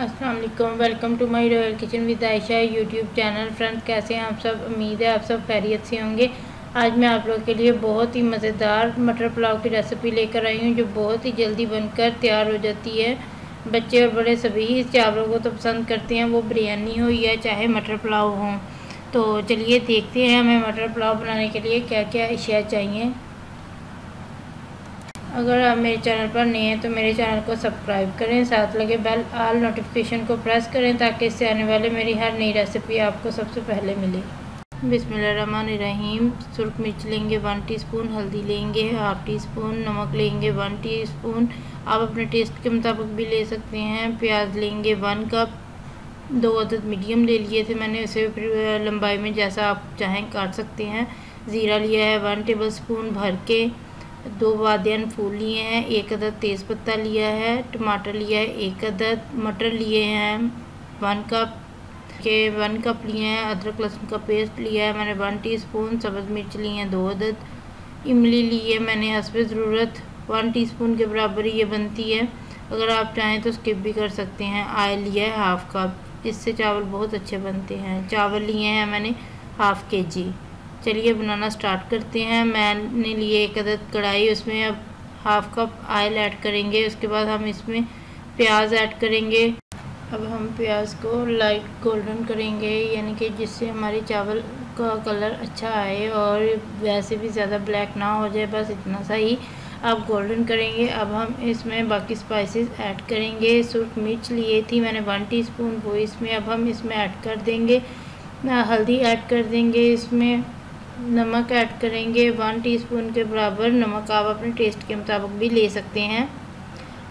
Aslam welcome to my royal kitchen with Ayesha YouTube channel friends कैसे हैं आप सब उम्मीद है आप सब खैरियत से होंगे आज मैं आप लोगों के लिए बहुत ही मज़ेदार मटर पुलाव की रेसिपी लेकर आई हूँ जो बहुत ही जल्दी बनकर तैयार हो जाती है बच्चे और बड़े सभी इस चावलों को तो पसंद करते हैं वो बिरयानी हो या चाहे मटर पुलाव हो तो चलिए देखते हैं हमें मटर पुलाव बनाने के लिए क्या क्या अशिया चाहिए अगर आप मेरे चैनल पर नए हैं तो मेरे चैनल को सब्सक्राइब करें साथ लगे बेल आल नोटिफिकेशन को प्रेस करें ताकि इससे आने वाले मेरी हर नई रेसिपी आपको सबसे पहले मिले बिसमीम सुरख मिर्च लेंगे वन टीस्पून हल्दी लेंगे हाफ टी स्पून नमक लेंगे वन टीस्पून आप अपने टेस्ट के मुताबिक भी ले सकते हैं प्याज लेंगे वन कप दो अदद मीडियम ले लिए थे मैंने उसे लंबाई में जैसा आप चाहें काट सकते हैं ज़ीरा लिया है वन टेबल स्पून भर के दो वादियान फूल लिए हैं एक अदद तेज़ पत्ता लिया है टमाटर लिया है एक अदद मटर लिए हैं वन कप के वन कप लिए हैं अदरक लहसुन का पेस्ट लिया है मैंने वन टीस्पून सब्ज़ मिर्च लिए हैं दो अदद इमली ली है मैंने हसब ज़रूरत वन टीस्पून के बराबर ये बनती है अगर आप चाहें तो स्किप भी कर सकते हैं आयल लिया है हाफ़ कप इससे चावल बहुत अच्छे बनते हैं चावल लिए हैं मैंने हाफ़ के जी चलिए बनाना स्टार्ट करते हैं मैंने लिए एक अदद कढ़ाई उसमें अब हाफ कप आयल ऐड करेंगे उसके बाद हम इसमें प्याज ऐड करेंगे अब हम प्याज को लाइट गोल्डन करेंगे यानी कि जिससे हमारे चावल का कलर अच्छा आए और वैसे भी ज़्यादा ब्लैक ना हो जाए बस इतना सा ही अब गोल्डन करेंगे अब हम इसमें बाकी स्पाइसेस ऐड करेंगे सूर्ख मिर्च लिए थी मैंने वन टीस्पून वो इसमें अब हम इसमें ऐड कर देंगे हल्दी ऐड कर देंगे इसमें नमक ऐड करेंगे वन टीस्पून के बराबर नमक आप अपने टेस्ट के मुताबिक भी ले सकते हैं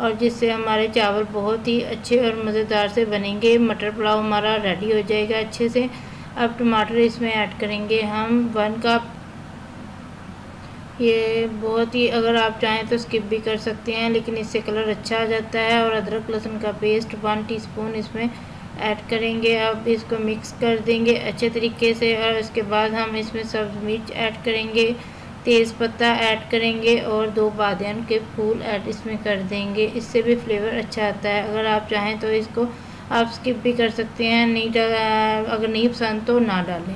और जिससे हमारे चावल बहुत ही अच्छे और मज़ेदार से बनेंगे मटर पुलाव हमारा रेडी हो जाएगा अच्छे से अब टमाटर इसमें ऐड करेंगे हम वन कप ये बहुत ही अगर आप चाहें तो स्किप भी कर सकते हैं लेकिन इससे कलर अच्छा आ जाता है और अदरक लहसुन का पेस्ट वन टीस्पून इसमें ऐड करेंगे अब इसको मिक्स कर देंगे अच्छे तरीके से और उसके बाद हम इसमें सब्ज मिर्च ऐड करेंगे तेज़ पत्ता ऐड करेंगे और दो बादन के फूल ऐड इसमें कर देंगे इससे भी फ्लेवर अच्छा आता है अगर आप चाहें तो इसको आप स्किप भी कर सकते हैं नहीं अगर नहीं पसंद तो ना डालें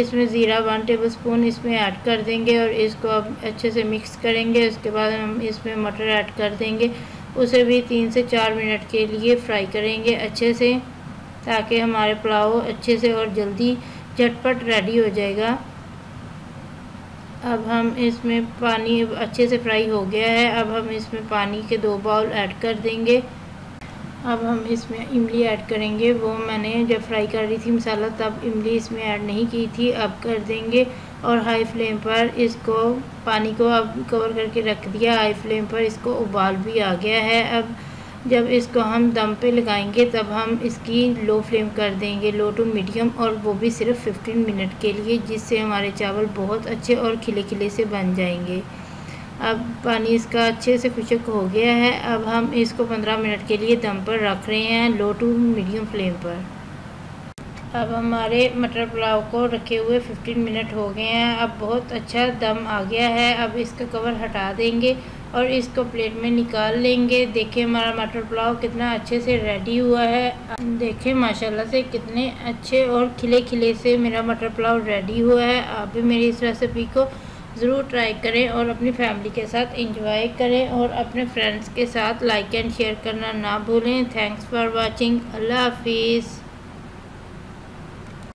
इसमें ज़ीरा वन टेबल स्पून इसमें ऐड कर देंगे और इसको अब अच्छे से मिक्स करेंगे उसके बाद हम इसमें मटर ऐड कर देंगे उसे भी तीन से चार मिनट के लिए फ्राई करेंगे अच्छे से ताकि हमारे पुलाव अच्छे से और जल्दी झटपट रेडी हो जाएगा अब हम इसमें पानी अच्छे से फ्राई हो गया है अब हम इसमें पानी के दो बाउल ऐड कर देंगे अब हम इसमें इमली ऐड करेंगे वो मैंने जब फ्राई कर रही थी मसाला तब इमली इसमें ऐड नहीं की थी अब कर देंगे और हाई फ्लेम पर इसको पानी को अब कवर करके रख दिया हाई फ्लेम पर इसको उबाल भी आ गया है अब जब इसको हम दम पे लगाएंगे तब हम इसकी लो फ्लेम कर देंगे लो टू मीडियम और वो भी सिर्फ 15 मिनट के लिए जिससे हमारे चावल बहुत अच्छे और खिले खिले से बन जाएंगे अब पानी इसका अच्छे से खुशक हो गया है अब हम इसको 15 मिनट के लिए दम पर रख रहे हैं लो टू मीडियम फ्लेम पर अब हमारे मटर पुलाव को रखे हुए 15 मिनट हो गए हैं अब बहुत अच्छा दम आ गया है अब इसका कवर हटा देंगे और इसको प्लेट में निकाल लेंगे देखिए हमारा मटर पुलाव कितना अच्छे से रेडी हुआ है देखिए माशाल्लाह से कितने अच्छे और खिले खिले से मेरा मटर पुलाव रेडी हुआ है आप भी मेरी इस रेसिपी को ज़रूर ट्राई करें और अपनी फैमिली के साथ इंजॉय करें और अपने फ्रेंड्स के साथ लाइक एंड शेयर करना ना भूलें थैंक्स फॉर वाचिंग अल्लाह हाफिज़